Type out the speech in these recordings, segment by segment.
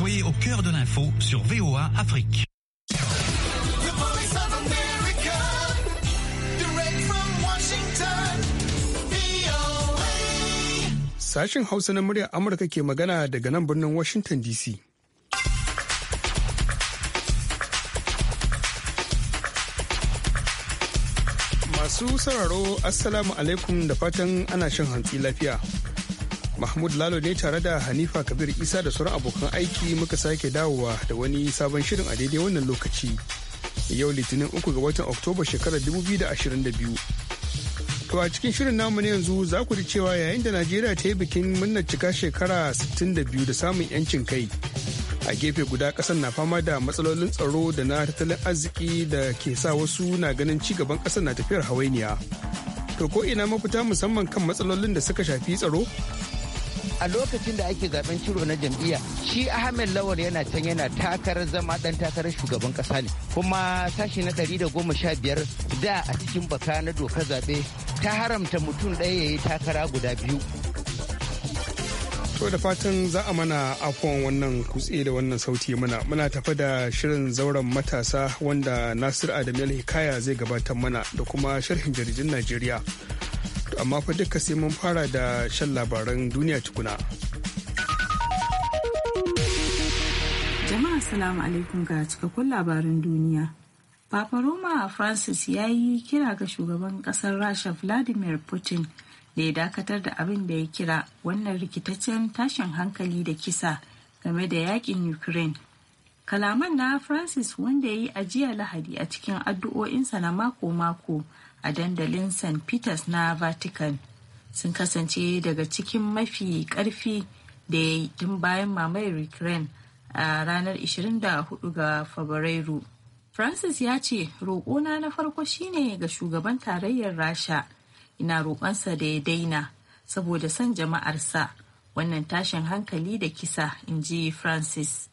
Soyez au cœur de l'info sur VOA Afrique. Sashen Hausa na muryar Amurka ke magana daga nan birnin Washington DC. Masu sauraro, Assalamu alaikum da fatan ana shan hantsi lafiya. Mahmud Lalo ne tare da Hanifa Kabir Isa da sauran abokan aiki muka sake dawowa da wani sabon shirin a daidai wannan lokaci. Yau Litinin uku ga watan Oktoba shekarar 2022. To a cikin shirin namu ne yanzu za ku ji cewa yayin da Najeriya ta yi bikin murnar cika shekara 62 da samun 'yancin kai. A gefe guda ƙasar na fama da matsalolin tsaro da na tattalin arziki da ke sa wasu na ganin ci gaban ƙasar na tafiyar hawainiya. To ko ina mafita musamman kan matsalolin da suka shafi tsaro? a lokacin da ake zaben ciro na jam'iyya shi ahmed lawal yana can yana takarar zama dan takarar shugaban kasa ne kuma sashi na ɗari da goma sha biyar da a cikin baka na dokar zaɓe ta haramta mutum ɗaya ya yi takara guda biyu To da fatan za a mana afon wannan kutse da wannan sauti mana muna tafa da shirin zauren matasa wanda Nasir adamu Hikaya zai gabatar mana da kuma sharhin jaridun Najeriya. amma fa duka sai mun fara da shan labaran duniya tukuna. Jama'a salamu alaikum ga cikakkun Labarin duniya. Papa Roma Francis ya yi kira ga shugaban kasar Rasha Vladimir Putin da ya dakatar da abin da ya kira wannan rikitaccen tashin hankali da kisa game da yakin Ukraine. Kalaman na Francis wanda ya yi ajiya lahadi a cikin addu'o'insa na mako-mako a dandalin st peters na vatican sun kasance daga cikin mafi karfi da ya yi tun bayan mamayar ukraine a ranar 24 ga fabrairu francis ya ce roƙona na farko shine ga shugaban tarayyar rasha ina roƙonsa da ya daina saboda son jama'arsa wannan tashin hankali da kisa in ji francis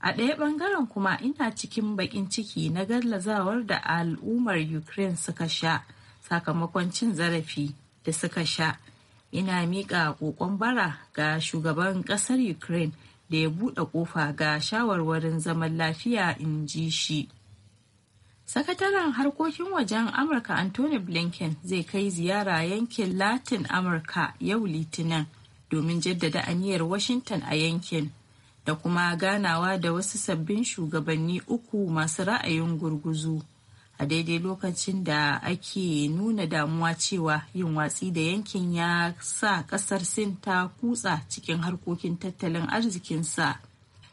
A ɗaya ɓangaren kuma ina cikin baƙin ciki na gallazawar da al'ummar Ukraine suka sha sakamakon cin zarafi da suka sha. Ina miƙa ƙoƙon bara ga shugaban ƙasar Ukraine da ya buɗe ƙofa ga shawarwarin zaman lafiya in ji shi. Sakataren harkokin wajen Amurka Anthony Blinken zai kai ziyara yankin Latin Amurka yau Litinin domin jaddada aniyar Washington a yankin. da kuma ganawa da wasu sabbin shugabanni uku masu ra'ayin gurguzu a daidai lokacin da ake nuna damuwa cewa yin watsi da yankin ya sa kasar sin ta kutsa cikin harkokin tattalin arzikinsa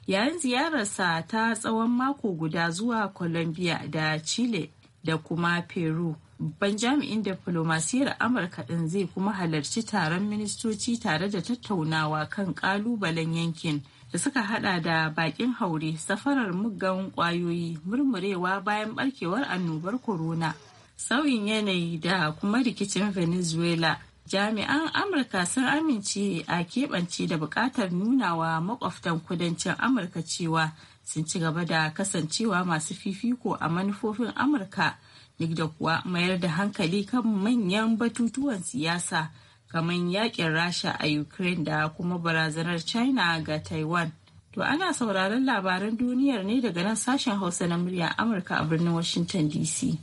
yayin ziyararsa ta tsawon mako guda zuwa colombia da chile da kuma peru ban jami'in diflomasiyar amurka din zai kuma halarci taron ministoci tare da tattaunawa kan kalubalen yankin da suka hada da bakin haure safarar muggan kwayoyi murmurewa bayan barkewar annobar corona sauyin yanayi da kuma rikicin venezuela jami'an amurka sun amince a keɓance da buƙatar nunawa makwabtan kudancin amurka cewa sun ci gaba da kasancewa masu fifiko a manufofin amurka duk da kuwa mayar da hankali kan manyan batutuwan siyasa kamar yakin rasha a ukraine da kuma barazanar china ga taiwan to ana sauraron labaran duniyar ne daga nan sashen hausa na murya amurka a birnin washington dc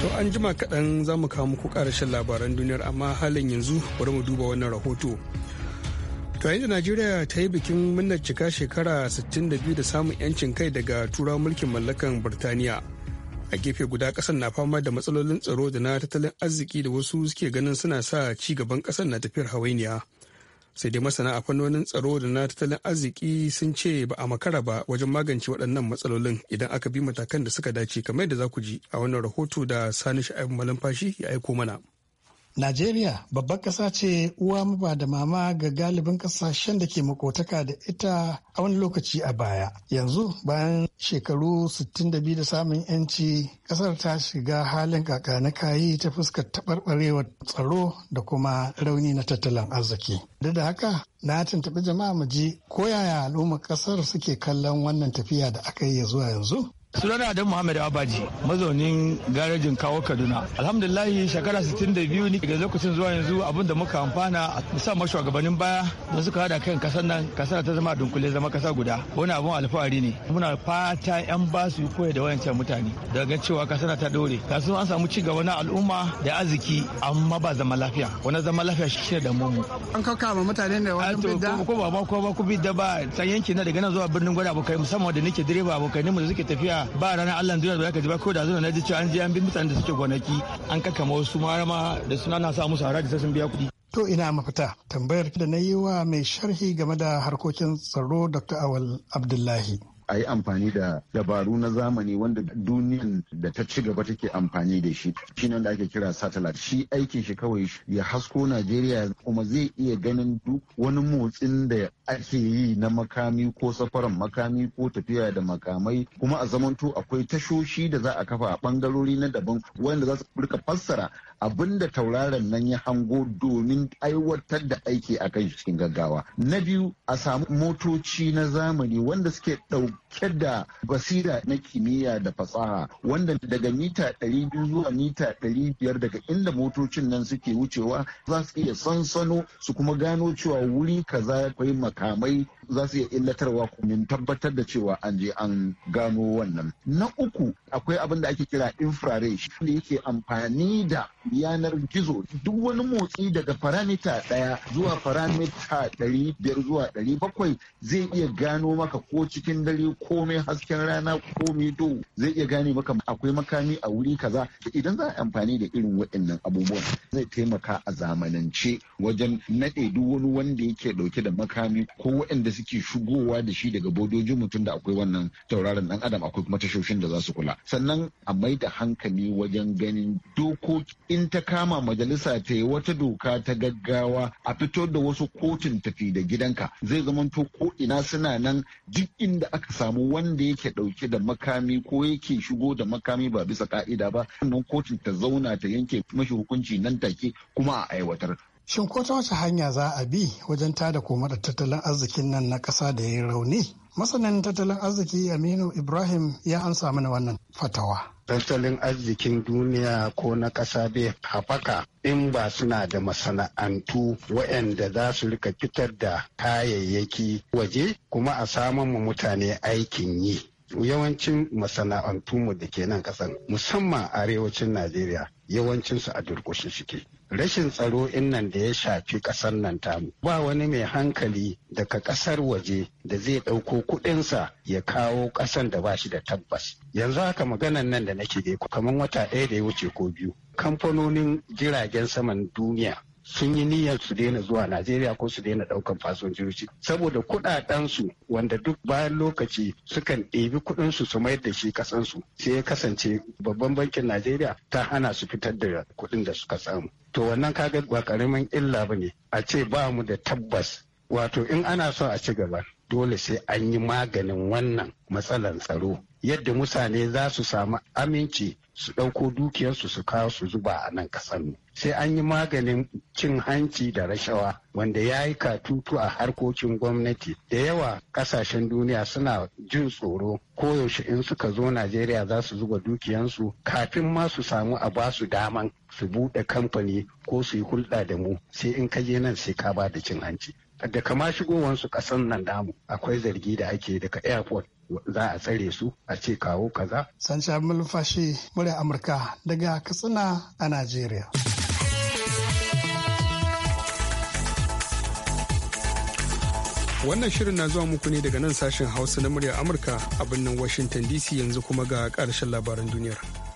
To an jima kaɗan za mu kawo muku ƙarashin labaran duniyar amma halin yanzu bari mu duba wannan rahoto. To yayin da Najeriya ta yi bikin murnar cika shekara 62 da samun 'yancin kai daga tura mulkin mallakan Birtaniya. A gefe guda ƙasar na fama da matsalolin tsaro da na tattalin arziki da wasu suke ganin suna sa ci gaban kasar na tafiyar hawainiya. Sai dai masana a fannonin tsaro da na tattalin arziki sun ce ba a makara ba wajen magance waɗannan matsalolin idan aka bi matakan da suka dace kamar da za ku ji a wannan rahoto da Sani Sha'ibu Malamfashi ya aiko mana. Najeriya babbar ƙasa ce uwa ba da mama ga galibin ƙasashen da ke makotaka da ita a wani lokaci a baya. Yanzu bayan shekaru 62 da samun 'yanci ƙasar ta shiga halin kaka na kayi ta fuskar taɓarɓarewar tsaro da kuma rauni na tattalin arziki. Duk da haka na tuntuɓi jama'a mu ji ko yaya al'ummar ƙasar suke kallon wannan tafiya da aka yi zuwa yanzu. sunana adam muhammad abaji mazaunin garejin kawo kaduna alhamdulillahi shekara 62 ne daga lokacin zuwa yanzu abinda da muka amfana a musamman shugabannin baya da suka hada kan kasar nan kasar ta zama dunkule zama kasa guda wani abun alfahari ne muna fata yan ba su koya da wayancan mutane daga cewa kasar ta dore kasu an samu ci gaba na al'umma da arziki amma ba zama lafiya wani zama lafiya shi da mu an kauka ma mutane da wani bidda ko ba ba ko ba ku bidda ba san yanki na daga nan zuwa birnin gwada abokai musamman da nake direba abokai ne mu da suke tafiya ba ranar Allah duniya ba kaji ji ba ko da zuwa na ji an je an bi mutane da suke gonaki an kakama wasu marama da suna na sa musu haraji sai biya kuɗi. To ina mafita tambayar da na yi wa mai sharhi game da harkokin tsaro Dr. Awal Abdullahi. a yi amfani da dabaru na zamani wanda duniyan da ta ci gaba take amfani da shi shi nan da ake kira satellite shi aikin shi kawai ya hasko najeriya kuma zai iya ganin duk wani motsin da ake yi na makami ko safaran makami ko tafiya da makamai kuma a zamanto akwai tashoshi da za a kafa a bangarori na daban wanda za su rika fassara abinda da tauraron nan ya hango domin aiwatar da aiki a kan cikin gaggawa na biyu a samu motoci na zamani wanda suke ɗauke da basira na kimiyya da fasaha wanda daga mita 200 zuwa mita 500 daga inda motocin nan suke wucewa za su iya sansano su kuma gano cewa wuri kaza akwai makamai za su iya illatarwa domin tabbatar da cewa an je an gano wannan na uku akwai abin da ake kira infrared shi yake amfani da yanar gizo duk wani motsi daga faramita ɗaya zuwa faramita ɗari biyar zuwa ɗari bakwai zai iya gano maka ko cikin dare komai hasken rana mai duhu zai iya gane maka akwai makami a wuri kaza idan za a amfani da irin waɗannan abubuwan zai taimaka a zamanance wajen naɗe duk wani wanda yake ɗauke da makami ko waɗanda suke shigowa da shi daga bodojin mutum da akwai wannan tauraron ɗan adam akwai kuma tashoshin da za su kula sannan a mai da hankali wajen ganin dokoki in ta kama majalisa ta yi wata doka ta gaggawa a fito da wasu kotun tafi da gidanka zai zamanto ko ina suna nan duk inda aka samu wanda yake dauke da makami ko yake shigo da makami ba bisa ka'ida ba wannan kotun ta zauna ta yanke mashi hukunci nan take kuma a aiwatar Shin ko ta wace hanya za a bi wajen tada koma da tattalin arzikin nan na ƙasa da ya yi rauni? Masanin tattalin arziki Aminu Ibrahim ya amsa mana wannan fatawa. tattalin arzikin duniya ko na ƙasa bai haɓaka in ba suna da masana'antu waɗanda za su rika fitar da kayayyaki waje kuma a saman mu mutane aikin yi. Yawancin masana'antu mu da ke nan ƙasan musamman arewacin Najeriya yawancinsu a durƙushe suke. rashin tsaro in nan da ya shafi ƙasar nan tamu ba wani mai hankali daga ƙasar waje da zai ɗauko kuɗinsa ya kawo ƙasan da ba shi da tabbas yanzu haka maganan nan da nake dai kamar wata ɗaya da ya wuce ko biyu kamfanonin jiragen saman duniya sun yi niyyar su daina zuwa Najeriya ko su daina ɗaukan fasinjoji saboda kuɗaɗen su wanda duk bayan lokaci sukan ɗebi kuɗinsu su su mayar da shi kasan su sai ya kasance babban bankin Najeriya ta hana su fitar da kuɗin da suka samu to wannan kaga ba karamin illa bane a ce ba mu da tabbas wato in ana so a ci gaba dole sai an yi maganin wannan matsalar tsaro yadda mutane za su samu aminci su ɗauko dukiyarsu su kawo su zuba a nan ƙasar sai an yi maganin cin hanci da rashawa wanda ya yi katutu a harkokin gwamnati da yawa ƙasashen duniya suna jin tsoro koyaushe in suka zo najeriya za su zuba dukiyansu kafin ma su samu a ba su daman su buɗe kamfani ko su yi hulɗa da mu sai in kaje nan sai ka ba da cin hanci da kama shigowansu ƙasan nan damu akwai zargi da ake daga airport za a tsare su a ce kawo kaza. Sanci Malfashi murya Amurka daga Katsina a Najeriya. Wannan shirin na zuwa muku ne daga nan sashen Hausa na murya Amurka a birnin Washington DC yanzu kuma ga ƙarshen labaran duniyar.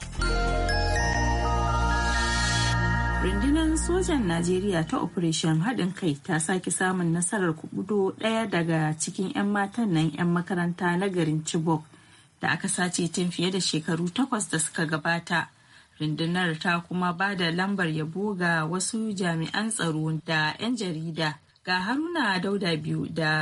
sojan Najeriya ta Operation haɗin kai ta sake samun nasarar kubudo ɗaya daga cikin 'yan matan nan 'yan makaranta na garin Chibok da aka sace tun fiye da shekaru takwas da suka gabata. Rundunar ta kuma ba da lambar yabo ga wasu jami'an tsaro da 'yan jarida ga Haruna Dauda biyu da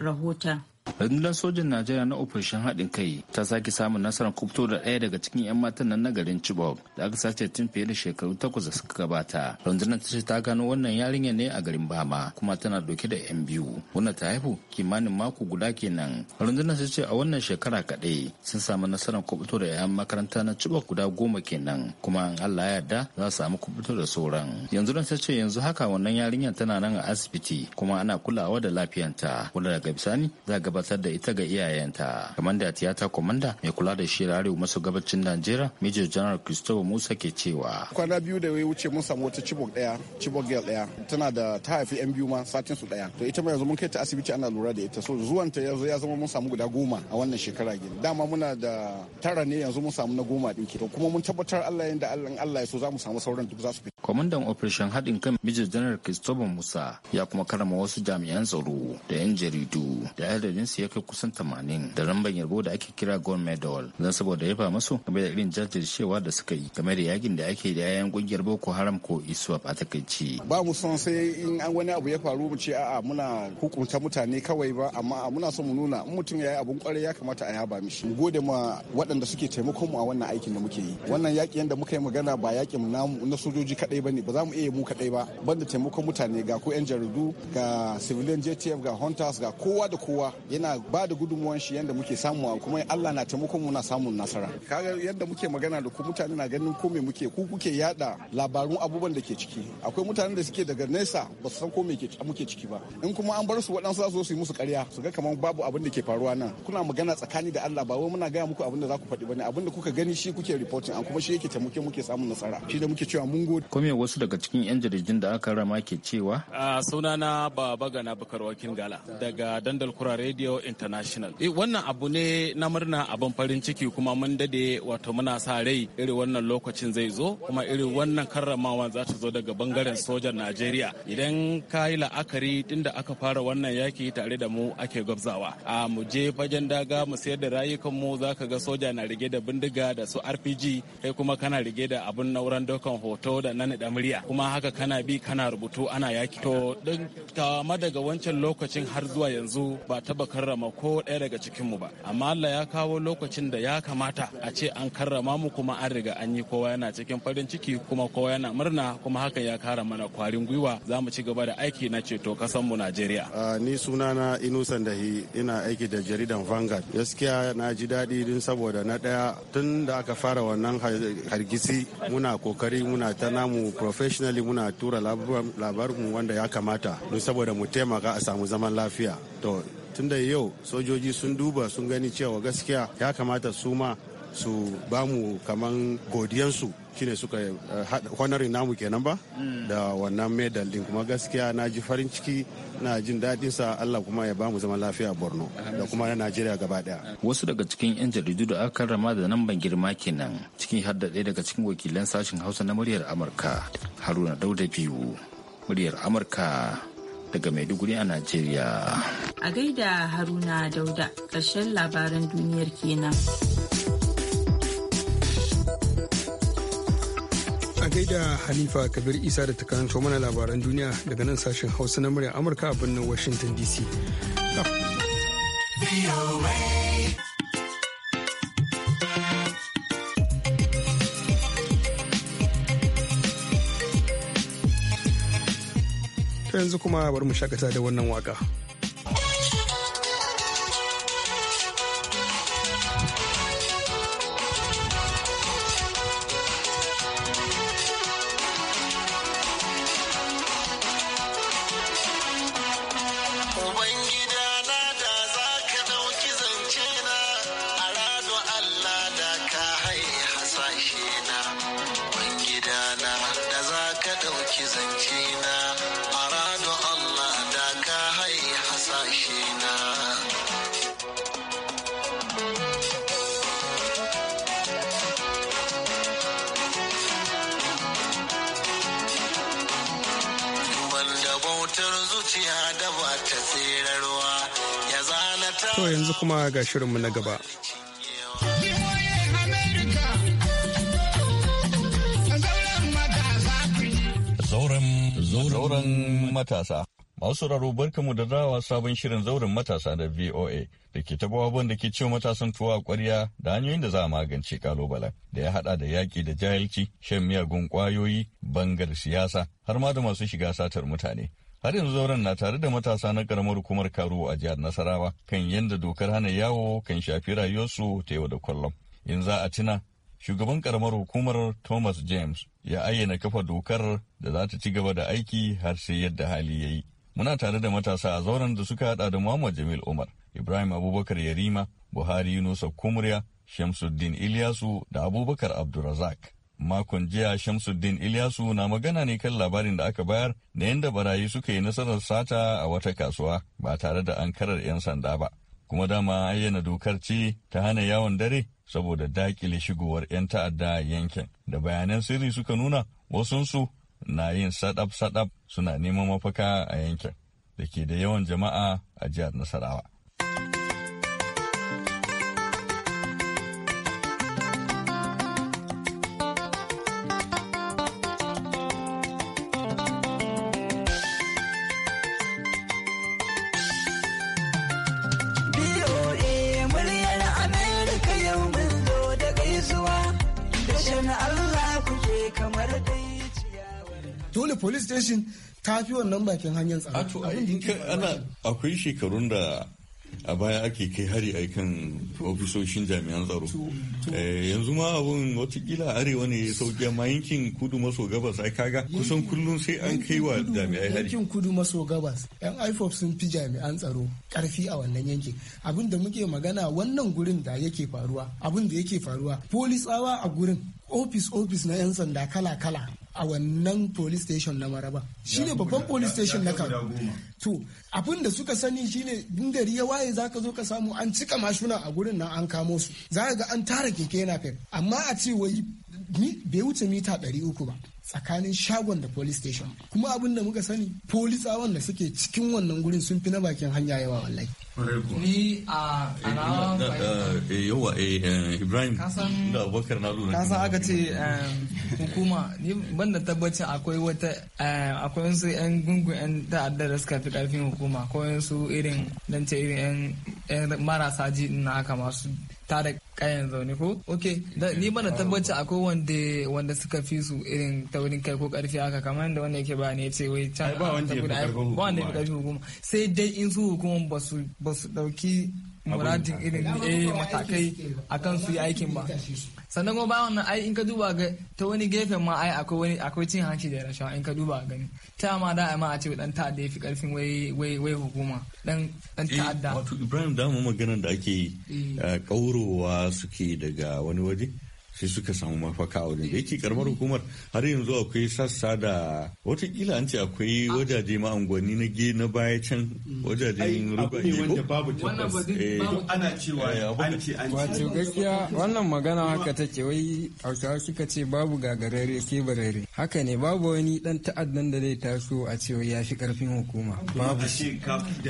rahoton. rundunar sojin najeriya na ofishin haɗin kai ta sake samun nasarar kubto da ɗaya daga cikin 'yan matan nan na garin chibok da aka sace tun fiye da shekaru takwas da suka gabata rundunar ta ce ta gano wannan yarinya ne a garin bama kuma tana dauke da 'yan biyu wannan ta haihu kimanin mako guda kenan rundunar ta ce a wannan shekara kaɗai sun samu nasarar kubto da 'yan makaranta na chibok guda goma kenan kuma in allah ya yarda za su samu kubto da sauran yanzu ta ce yanzu haka wannan yarinyar tana nan a asibiti kuma ana kulawa da lafiyanta wanda daga bisani za a gabata. gabatar da ita ga iyayenta kamanda tiyata komanda mai kula da shi arewa masu gabacin najeriya major general christopher musa ke cewa kwana biyu da ya wuce mun samu wata cibok daya cibok gel daya tana da ta haifi yan biyu ma satin su daya to ita ma yanzu mun kai ta asibiti ana lura da ita so zuwan ta yanzu ya zama mun samu guda goma a wannan shekara gini dama muna da tara ne yanzu mun samu na goma din to kuma mun tabbatar Allah yanda Allah Allah ya so za mu samu sauran duk za su kwamandan operation haɗin kan mijin janar christopher musa ya kuma karama wasu jami'an tsaro da 'yan jaridu da adadin su ya kai kusan tamanin da lambar yarbo da ake kira gold medal don saboda ya yaba masu game da irin jajircewa da suka yi game da yakin da ake da yayan kungiyar boko haram ko iswap a takaici ba mu son sai in wani abu ya faru mu ce a'a muna hukunta mutane kawai ba amma muna son mu nuna in mutum ya yi abun kwarai ya kamata a yaba mishi mu gode ma waɗanda suke taimakon mu a wannan aikin da muke yi wannan yaƙi yadda muka yi magana ba yaƙin namu na sojoji kaɗai kaɗai ba ne ba za mu iya mu kaɗai ba banda taimakon mutane ga ko 'yan jaridu ga civilian jtf ga hunters ga kowa da kowa yana ba da gudunmuwan shi yadda muke samuwa kuma allah na taimakon mu na samun nasara kaga yadda muke magana da ku mutane na ganin ko me muke ku kuke yada labarun abubuwan da ke ciki akwai mutanen da suke daga nesa ba su san ko me muke ciki ba in kuma an bar su waɗansu za su yi musu ƙarya su ga kamar babu abin da ke faruwa nan kuna magana tsakani da allah ba wai muna gaya muku abin da za ku faɗi bane abin da kuka gani shi kuke reporting an kuma shi yake taimake muke samun nasara shi da muke cewa mun gode me wasu daga cikin 'yan jaridun da aka rama ke cewa a sunana baba gana bakar gala daga dandal kura radio international eh, wannan abu ne na murna abin farin ciki kuma mun dade wato muna sa rai irin wannan lokacin zai zo kuma irin wannan karramawa za ta zo daga bangaren sojan najeriya idan ka yi la'akari tunda aka fara wannan yaki tare da mu ake gwabzawa a mu je fagen daga mu sayar da rayukanmu za ka ga soja na rige da bindiga da su rpg kai kuma kana rige da abun nauran dokan hoto da nan tanada murya kuma haka kana bi kana rubutu ana yaki to din kama daga wancan lokacin har zuwa yanzu ba taba karrama ko ɗaya daga cikinmu ba amma Allah ya kawo lokacin da ya kamata a ce an karrama mu kuma an riga an yi kowa yana cikin farin ciki kuma kowa yana murna kuma haka ya kara mana kwarin gwiwa za mu ci gaba da aiki na ceto mu Najeriya. ni sunana Inusan Dahi ina aiki da jaridan Vanguard gaskiya na ji daɗi din saboda na ɗaya tun da aka fara wannan hargitsi muna kokari muna ta namu mu professionally muna tura labarinmu wanda ya kamata don saboda mu taimaka a samu zaman lafiya to tunda yau sojoji sun duba sun gani cewa gaskiya ya kamata su ma su bamu kaman godiyansu shine suka eh, honorin namu kenan ba da wannan medal din kuma gaskiya na ji farin ciki na jin daɗin sa Allah kuma ya bamu zaman lafiya Borno da kuma na Najeriya gaba daya wasu daga cikin yan jaridu da aka karrama da nan ban girma kenan cikin har da ɗaya daga cikin wakilan sashen Hausa na muryar Amurka Haruna Dauda biyu muryar Amurka daga Maiduguri a Najeriya a gaida Haruna Dauda ƙarshen labaran duniyar kenan a gaida Hanifa Kabir Isa da ta karanto mana labaran duniya daga nan sashen Hausa na murya Amurka a birnin Washington DC. yanzu kuma bari mu shakata da wannan waka. harshe to yanzu kuma ga shirinmu na gaba zauren matasa Masu sauraro barkamu da dawa sabon shirin zauren matasa da VOA da ke taba abin da ke cewa matasan tuwa a ƙwarya da hanyoyin da za a magance kalubalen da ya hada da yaƙi da jahilci, shan miyagun ƙwayoyi, bangar siyasa har ma da masu shiga satar mutane. Har yanzu zauren na tare da matasa na karamar hukumar Karo a jihar Nasarawa kan yadda dokar hana yawo kan shafi rayuwarsu ta yau da kullum. In za a tuna shugaban karamar hukumar Thomas James ya ayyana kafa dokar da za ta ci gaba da aiki har sai yadda hali ya yi. Muna tare da matasa a zauren da suka hada da Muhammad Jamil Umar, Ibrahim Abubakar Yarima, Buhari Yunusa Kumriya, Shamsuddin Ilyasu da Abubakar Abdulrazak. Makon jiya Shamsuddin Ilyasu na magana ne kan labarin da aka bayar da yadda barayi suka yi nasarar sata a wata kasuwa ba tare da an karar 'yan sanda ba. Kuma dama ayyana dokar ce ta hana yawon dare saboda dakile shigowar 'yan ta'adda yankin da bayanan sirri suka nuna wasunsu na yin sadab-sadab suna neman mafaka a yankin da ke da yawan jama'a a jihar Nasarawa. da gaisuwa da Allah kuke kamar dai dole police station ta fi wannan bakin hanyar tsaro ana akwai shekarun da a baya ake kai hari a kan ofisoshin jami'an tsaro eh, yanzu ma abun watakila arewa ne ya sauki amma yankin kudu maso gabas ai kaga kusan kullum sai an kai wa jami'ai hari yankin kudu maso gabas yan ifop sun fi jami'an tsaro karfi a wannan yankin abin da muke magana wannan gurin da yake faruwa abin da yake faruwa polisawa a gurin ofis ofis na 'yan sanda kala-kala a wannan police station na maraba shine babban police station na kano to abin da suka sani shine ne gari ya waye zaka zo ka samu an cika mashuna a gurin nan an kamo su za ga an tara keke yana fere amma a ce wai bai wuce mita ɗari uku ba tsakanin shagon da police station kuma abin da muka sani polisawan da suke cikin wannan gurin sun fi na bakin hanya yawa wallahi ni a eh, eh, eh, yawa ibrahim da abubakar na lura kasa aka ce hukuma ni ban da tabbacin akwai wata akwai wasu yan gungun yan ta'adda da suka fi karfin hukuma ko wasu irin dan ce irin yan marasa ji na haka masu tare kayan zaune ko ok ni mana tabbaci akwai wanda wanda suka fi su irin taurin kai ko karfi haka kamar yadda wanda yake ba ne ce wai can ba wanda ya fi karfin hukuma sai dai in su hukuma ba su dauki muradin irin eh matakai kan su yi aikin ba sannan kuma bayan nan ai in ka duba ga ta wani gefen ma ai akwai wani akwai cin hanci da rashawa in ka duba gani ta ma da ma a ce dan ta'adda ya fi karfin wai wai wai hukuma dan dan eh, ta'adda wato Ibrahim da mu maganar da ake kaurowa eh. eh, suke daga wani waje sai suka samu mafaka a wajen da yake karamar hukumar har yanzu akwai sassa da watakila an ce akwai wajaje ma unguwanni na ge na baya can mm. wajajen wato gaskiya wannan magana haka take wai hausawa suka ce babu gagarare ke barare haka ne babu wani dan ta'addan da zai taso a cewa ya fi karfin hukuma babu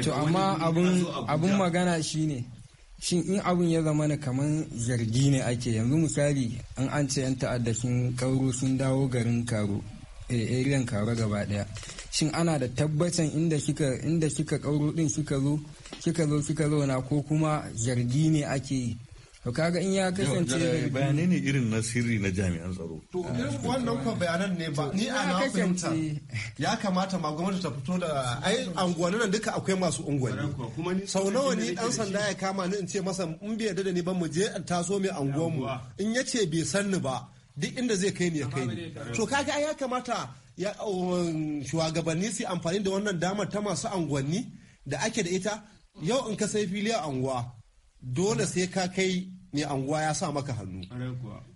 to amma abun magana shine shin in abin ya zama na kamar zargi ne ake yanzu misali an an ce yan ta'adda sun kauro sun dawo garin karo eh, ariyan karo gaba daya shin ana da tabbacin inda suka inda suka kauro din suka zo suka zo suka zo na ko kuma zargi ne ake yi. to kaga in ya kasance bayanai ne irin na sirri na jami'an tsaro to irin wannan ko bayanan ne ba ni a na fahimta ya kamata ma gwamnati ta fito da ai anguwanni nan duka akwai masu unguwanni sau nawa ni dan sanda ya kama ni in ce masa in bai yarda da ni ba mu je taso mai anguwan mu in ce bai san ni ba duk inda zai kai ni ya kai ni to kaga ya kamata ya um, shugabanni su amfani da wannan damar ta masu anguwanni da ake da ita yau in ka sai fili a anguwa dole sai ka kai mai anguwa ya sa maka hannu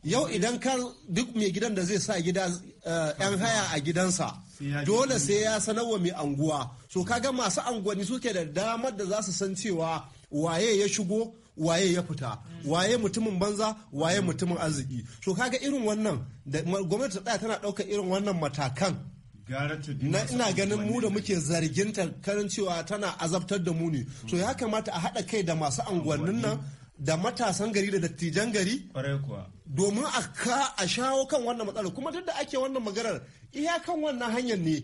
yau idan kar duk mai gidan da zai sa gida eh, yan haya a gidansa dole sai ya sanarwa mai anguwa so kaga masu anguwanni suke da damar da za su san cewa waye ya shigo waye ya fita waye mutumin banza waye mutumin arziki so kaga irin wannan da gwamnati ta tana ɗaukar irin wannan matakan na ina ganin mu da muke zarginta karin cewa tana azabtar da mu ne so ya kamata a haɗa kai da masu anguwannin nan da matasan gari da dattijan gari domin a ka a shawo kan wannan matsala kuma duk da ake wannan maganar kan wannan hanyar ne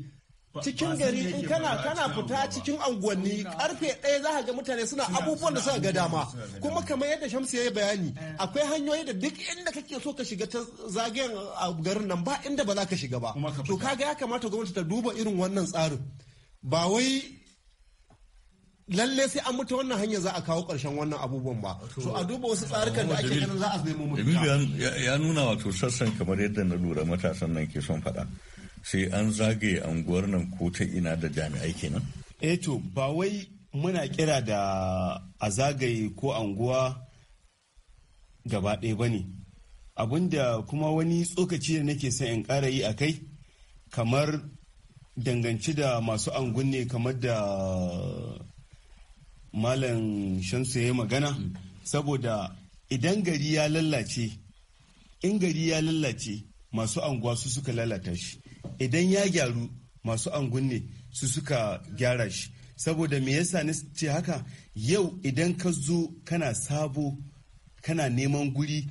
cikin gari in kana kana fita cikin unguwanni karfe ɗaya za ga mutane suna abubuwan da suka ga dama kuma kamar yadda shamsu ya yi bayani eh. akwai hanyoyi da duk inda kake so ka shiga ta zagayen garin nan ba inda ba za ka shiga ba to kaga ya kamata gwamnati ta duba irin wannan tsarin ba wai lalle sai an mutu wannan hanyar za a kawo ƙarshen wannan abubuwan ba so a duba wasu tsarukan da ake ganin za a nemo mafita ya nuna wato sassan kamar yadda na lura matasan nan ke son faɗa sai an zagaye anguwar nan ko ta ina da jami'ai kenan eh to ba wai muna kira da a zagaye ko anguwa gaba ɗaya ba ne abinda kuma wani tsokaci da nake son in ƙara yi a kai kamar danganci da masu angun ne kamar da malam shamsu ya yi magana mm. saboda idan gari ya lallace in gari ya lallace masu anguwa su suka lalata shi idan ya gyaru masu angun ne su suka gyara shi saboda me yasa ni ce haka yau idan ka zo kana sabo kana neman guri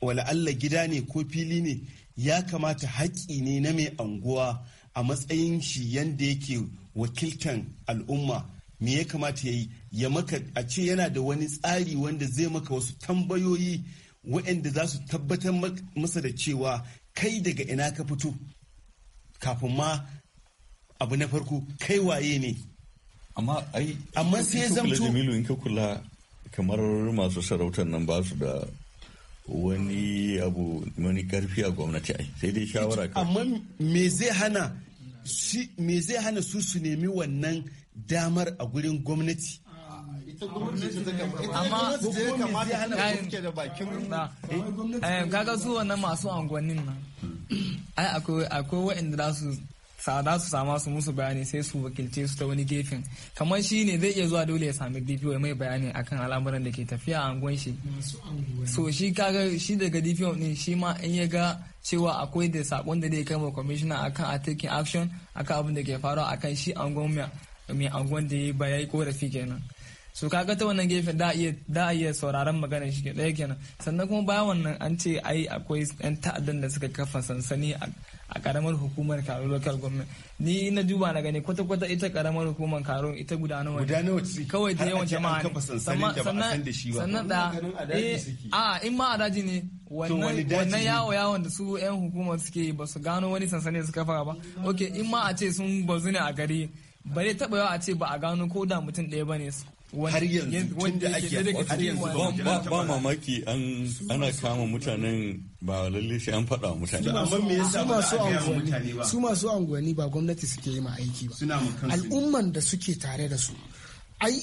wala Allah gida ne ko fili ne ya kamata haƙƙi ne na mai anguwa a matsayin shi yanda yake wakiltan al'umma me ya kamata ya yi ya maka a ce yana da wani tsari wanda zai maka wasu tambayoyi waɗanda za su tabbatar masa da cewa kai daga ina ka fito kafin ma abu na farko kai waye ne amma ai amma sai ya zamto jamilu in ka kula kamar masu sarautar nan ba su da wani abu wani karfi a gwamnati ai sai dai shawara amma me zai me zai hana su su nemi wannan damar a gurin gwamnati kaga su wannan masu angwannin nan ai akwai waɗanda za su sada su sama su musu bayani sai su wakilce su ta wani gefen kamar shi ne zai iya zuwa dole ya sami dpo mai bayani akan al'amuran da ke tafiya a angon shi so shi kaga shi daga dpo ne shi ma in ya ga cewa akwai da sakon da zai kai ma commissioner akan a taking action akan abin da ke faruwa akan shi angon mai angon da ya ba ya yi korafi kenan so kaga ta wannan gefen da iya da iya sauraron magana shi daya kenan sannan kuma bayan wannan an ce ai akwai yan ta'addan da suka kafa sansani a karamar hukumar karo local government ni na duba na gani kwata kwata ita karamar hukumar karo ita guda nawa guda kawai da yawan jama'a ne sannan sannan da eh, a in ma a daji ne wannan yawo yawon da su yan hukumar suke ba su gano wani sansani da suka kafa ba okay in ma a ce sun bazu ne a gari bare taba yawa a ce ba a gano ko da mutum ɗaya ba ne har yanzu ba mamaki ana kama mutanen ba lalle sai an faɗa mutane ba su masu unguwanni ba gwamnati suke yi ma aiki ba al'umman da suke tare da su ai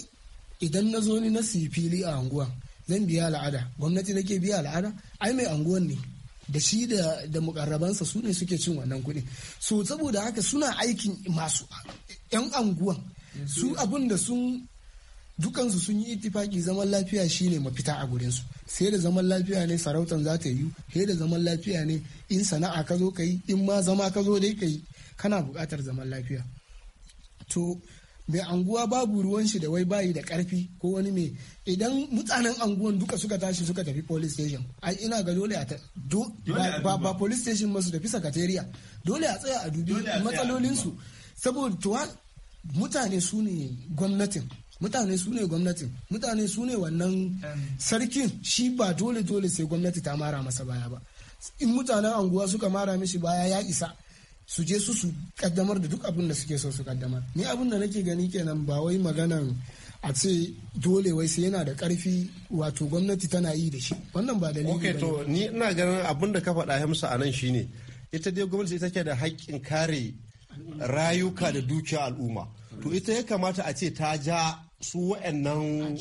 idan na zo ni na fili a anguwa zan biya al'ada gwamnati nake biya al'ada ai mai unguwan ne da shi da mukarrabansa su ne suke cin wannan kuɗi so saboda haka suna aikin masu yan anguwan su abin da sun dukansu sun yi itifaki zaman lafiya shine mafita a gurinsu sai da zaman lafiya ne sarautan za ta yi sai da zaman lafiya ne in sana'a ka zo ka yi in ma zama ka zo dai ka yi kana buƙatar zaman lafiya to mai anguwa babu ruwan shi da wai bayi da karfi ko wani mai idan mutanen anguwan duka suka tashi suka tafi police station ai ina ga dole a ba, ba police station masu tafi sakatariya dole a tsaya a dubi matsalolin su saboda tuwa mutane su ne gwamnatin mutane su ne gwamnatin mutane su ne wannan sarkin shi ba dole dole sai gwamnati ta mara masa baya ba in mutanen anguwa suka mara mishi baya ya isa su je su su kaddamar da duk abin da suke so su kaddamar ni abin da nake gani kenan ba wai maganan a ce dole wai sai yana da karfi wato gwamnati tana yi da shi wannan ba dalili ba to ni ina ganin abin da ka faɗa ya a nan shine ita dai gwamnati ita ke da haƙƙin kare rayuka da dukiyar al'umma to ita ya kamata a ce ta ja su wa'annan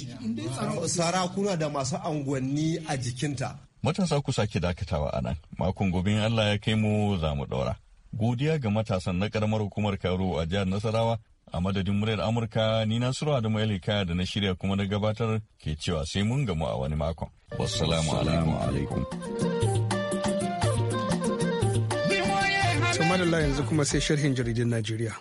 sarakuna da masu angwanni a jikinta matasa ku sake dakatawa a nan makon gobin Allah ya kai mu za mu ɗaura godiya ga matasan na karamar hukumar karo a jihar nasarawa a madadin muryar amurka ni nasiru adamu Kaya da na shirya kuma na gabatar ke cewa sai mun gamu a wani makon wassalamu alaikum to yanzu kuma sai sharhin jaridun najeriya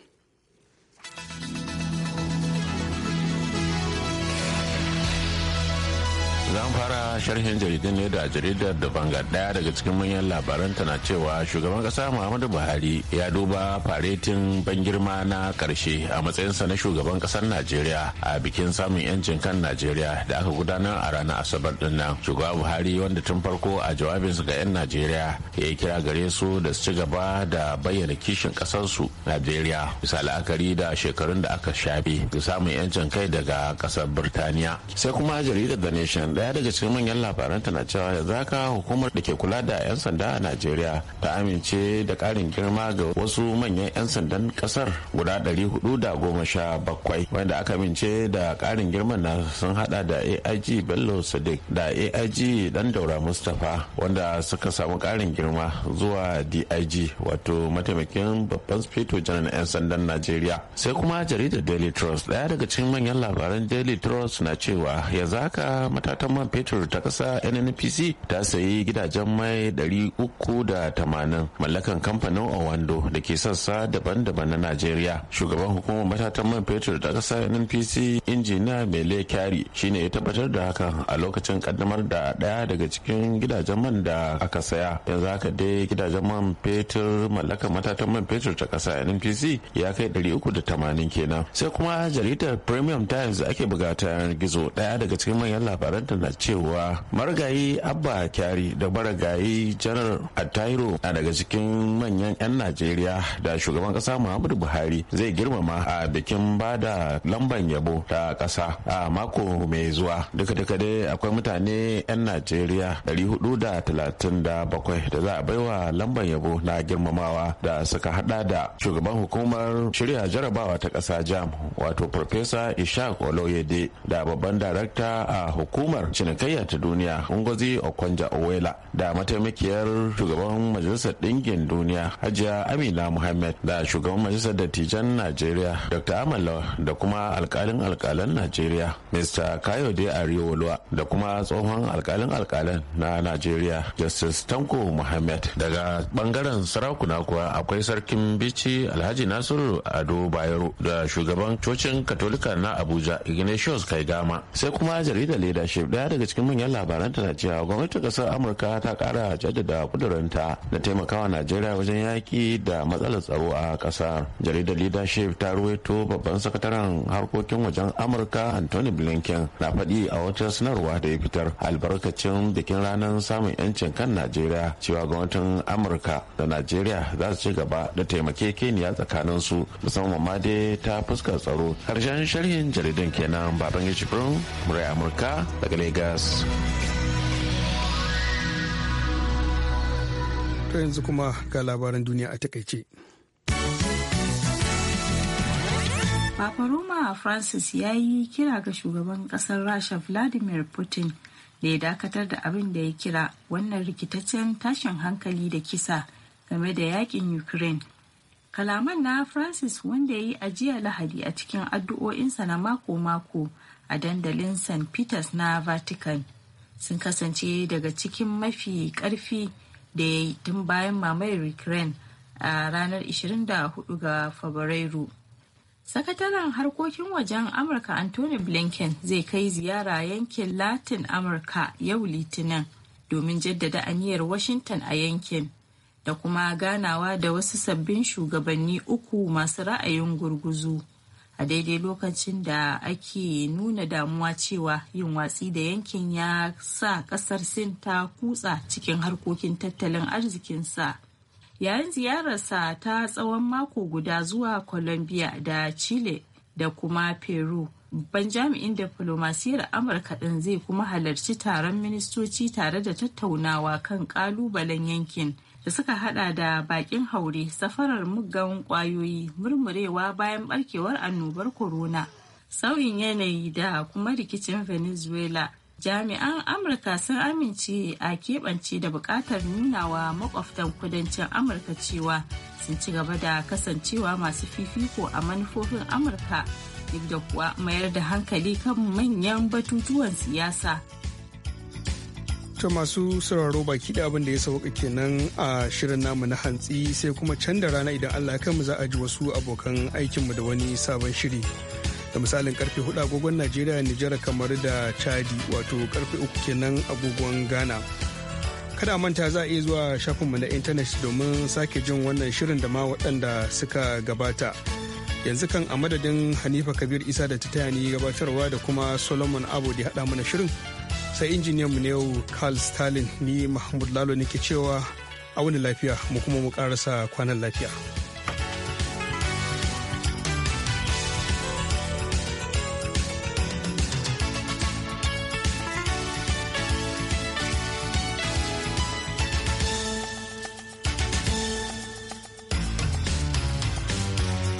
zan fara sharhin jaridun ne da jaridar da banga daya daga cikin manyan labaran tana cewa shugaban kasa muhammadu buhari ya duba faretin ban girma na karshe a matsayinsa na shugaban kasar najeriya a bikin samun yancin kan najeriya da aka gudanar a ranar asabar din nan shugaba buhari wanda tun farko a jawabinsa ga 'yan najeriya ya yi kira gare su da su ci gaba da bayyana kishin kasarsu najeriya bisa la'akari da shekarun da aka shafe da samun yancin kai daga kasar birtaniya sai kuma jaridar da nation daya daga cikin manyan labaranta na cewa yanzu haka hukumar da ke kula da 'yan sanda a najeriya ta amince da karin girma ga wasu manyan 'yan sandan kasar guda bakwai wanda aka amince da karin girman na sun hada da aig bello sadiq da aig dan daura mustapha wanda suka samu karin girma zuwa dig wato mataimakin babban speto janar 'yan sandan najeriya sai kuma jaridar daily trust daya daga cikin manyan labaran daily trust na cewa ya zaka matatan ma'aikatar man fetur ta kasa nnpc ta sayi gidajen mai 380 mallakan kamfanin owando da ke sassa daban-daban na najeriya shugaban hukumar matatan man fetur ta kasa nnpc injiniya mele kyari shine ya tabbatar da hakan a lokacin kaddamar da daya daga cikin gidajen man da aka saya yanzu haka dai gidajen man fetur mallakan matatan man fetur ta kasa nnpc ya kai 380 kenan sai kuma jaridar premium times ake bugata gizo ɗaya daga cikin manyan labaran na cewa marigayi abba kyari da marigayi janar atairo na daga cikin manyan 'yan najeriya da shugaban kasa muhammadu buhari zai girmama a bikin bada lamban yabo ta kasa a mako mai zuwa duka duka dai akwai mutane 'yan najeriya 437 da za a baiwa lamban yabo na girmamawa da suka hada da shugaban hukumar shirya jarabawa ta kasa jam wato professor ishaq oloyede da babban darakta a hukumar cinikayya ta duniya ungozi okonja owela da mataimakiyar shugaban majalisar dingin duniya hajiya amina muhammad da shugaban majalisar dattijan najeriya dr amala da kuma alkalin alkalan najeriya mr kayode ariwolwa da kuma tsohon alkalin alkalan na najeriya justice tanko muhammad daga bangaren sarakuna kuwa akwai sarkin bici alhaji nasiru ado bayero da shugaban cocin katolika na abuja ignatius gama. sai kuma jaridar leadership daya daga cikin manyan labaran tana cewa gwamnatin kasar amurka ta kara jaddada kudurinta na taimakawa najeriya wajen yaki da matsalar tsaro a kasar jaridar leadership ta ruwaito babban sakataren harkokin wajen amurka anthony blinken na faɗi a wata sanarwa da ya fitar albarkacin bikin ranar samun yancin kan najeriya cewa gwamnatin amurka da najeriya za su ci gaba da taimakekeniya su musamman ma dai ta fuskar tsaro karshen sharhin jaridan kenan baban ya murai amurka daga Legas. To yanzu kuma ga labaran duniya a takaice. Papa Roma Francis ya yi kira ga shugaban kasar Rasha Vladimir Putin da ya dakatar da abin da ya kira wannan rikitaccen tashin hankali da kisa game da yakin Ukraine. Kalaman na Francis wanda ya yi ajiya lahadi a cikin addu'o'insa na mako-mako a dandalin st peters na vatican sun kasance daga cikin mafi karfi da ya yi tun bayan mamayar ukraine a ranar 24 ga fabrairu sakataren harkokin wajen amurka anthony blinken zai kai ziyara yankin latin amurka yau litinin domin jaddada aniyar washington a yankin da kuma ganawa da wasu sabbin shugabanni uku masu ra'ayin gurguzu a daidai lokacin da ake nuna damuwa cewa yin watsi da yankin ya sa kasar sin ta kutsa cikin harkokin tattalin arzikinsa yayin ziyararsa ta tsawon mako guda zuwa colombia da chile da kuma peru babban jami'in diflomasiyyar amurka ɗin zai kuma halarci taron ministoci tare da tattaunawa kan ƙalubalen yankin da suka hada da bakin haure safarar muggan kwayoyi murmurewa bayan barkewar annobar corona sauyin yanayi da kuma rikicin venezuela jami'an amurka sun amince a keɓance da buƙatar nunawa makwabtan kudancin amurka cewa sun ci gaba da kasancewa masu fifiko a manufofin amurka duk da kuwa mayar da hankali kan manyan batutuwan siyasa To masu sauraro baki da abin da ya sauka kenan a shirin namu na hantsi sai kuma can da rana idan Allah ya mu za a ji wasu abokan aikinmu da wani sabon shiri. Da misalin karfe hudu agogon Najeriya Nijar kamar da Chadi wato karfe uku kenan agogon Ghana. Kada manta za a iya zuwa shafinmu na intanet domin sake jin wannan shirin da ma waɗanda suka gabata. yanzu kan a madadin hanifa kabir isa da ta gabatarwa da kuma solomon abu da haɗa mana shirin sai injiniyan mu ne yau carl stalin ni mahmud lalo ne cewa a wani lafiya mu kuma mu karasa kwanan lafiya.